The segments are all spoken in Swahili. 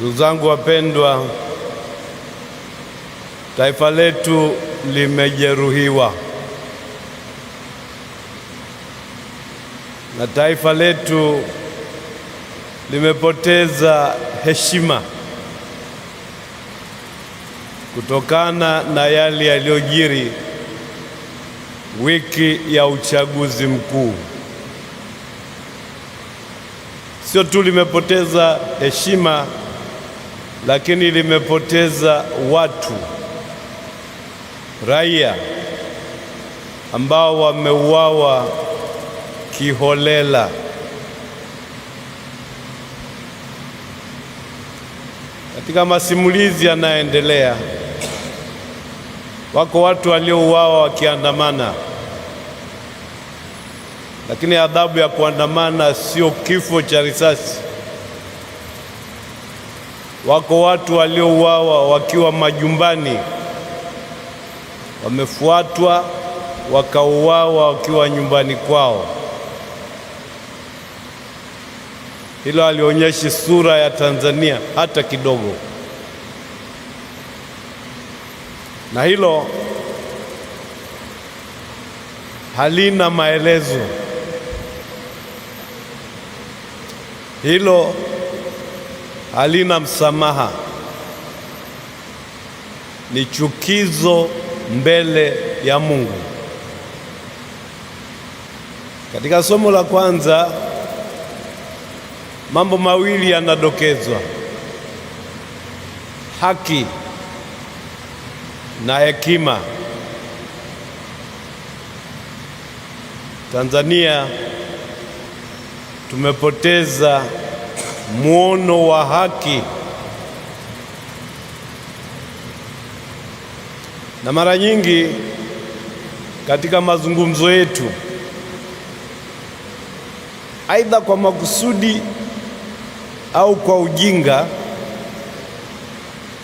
Ndugu zangu wapendwa, taifa letu limejeruhiwa na taifa letu limepoteza heshima kutokana na yale yaliyojiri wiki ya uchaguzi mkuu. Sio tu limepoteza heshima lakini limepoteza watu raia ambao wameuawa kiholela. Katika masimulizi yanayoendelea, wako watu waliouawa wakiandamana, lakini adhabu ya kuandamana sio kifo cha risasi Wako watu waliouawa wakiwa majumbani, wamefuatwa wakauawa wakiwa nyumbani kwao. Hilo alionyeshi sura ya Tanzania hata kidogo, na hilo halina maelezo hilo halina msamaha, ni chukizo mbele ya Mungu. Katika somo la kwanza, mambo mawili yanadokezwa: haki na hekima. Tanzania tumepoteza mwono wa haki. Na mara nyingi katika mazungumzo yetu, aidha kwa makusudi au kwa ujinga,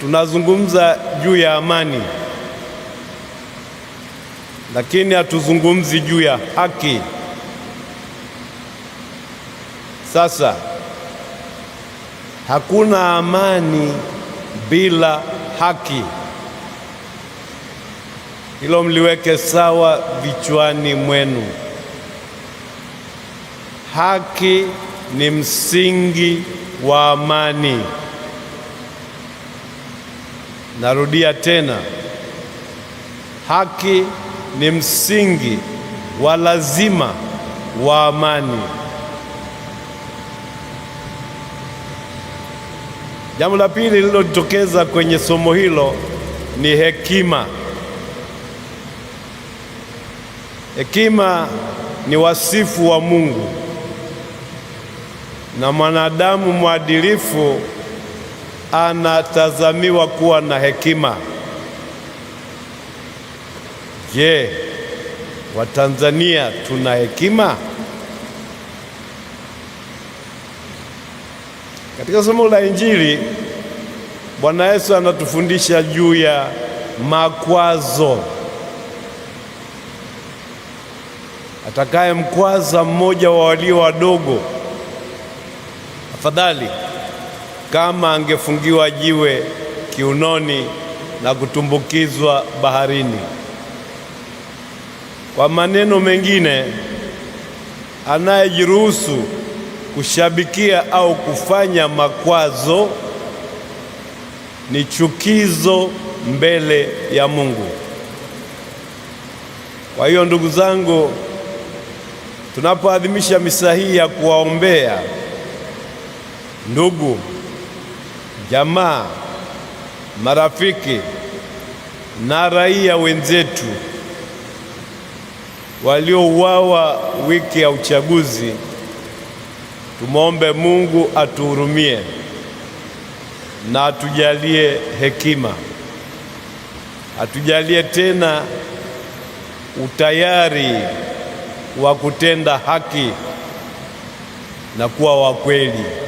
tunazungumza juu ya amani, lakini hatuzungumzi juu ya haki. Sasa Hakuna amani bila haki. Hilo mliweke sawa vichwani mwenu. Haki ni msingi wa amani. Narudia tena, haki ni msingi wa lazima wa amani. Jambo la pili lililojitokeza kwenye somo hilo ni hekima. Hekima ni wasifu wa Mungu, na mwanadamu mwadilifu anatazamiwa kuwa na hekima. Je, Watanzania tuna hekima? Katika somo la Injili Bwana Yesu anatufundisha juu ya makwazo. Atakaye mkwaza mmoja wa walio wadogo, afadhali kama angefungiwa jiwe kiunoni na kutumbukizwa baharini. Kwa maneno mengine, anayejiruhusu kushabikia au kufanya makwazo ni chukizo mbele ya Mungu. Kwa hiyo ndugu zangu, tunapoadhimisha misa hii ya kuwaombea ndugu, jamaa, marafiki na raia wenzetu waliouawa wiki ya uchaguzi Tumwombe Mungu atuhurumie na atujalie hekima, atujalie tena utayari wa kutenda haki na kuwa wa kweli.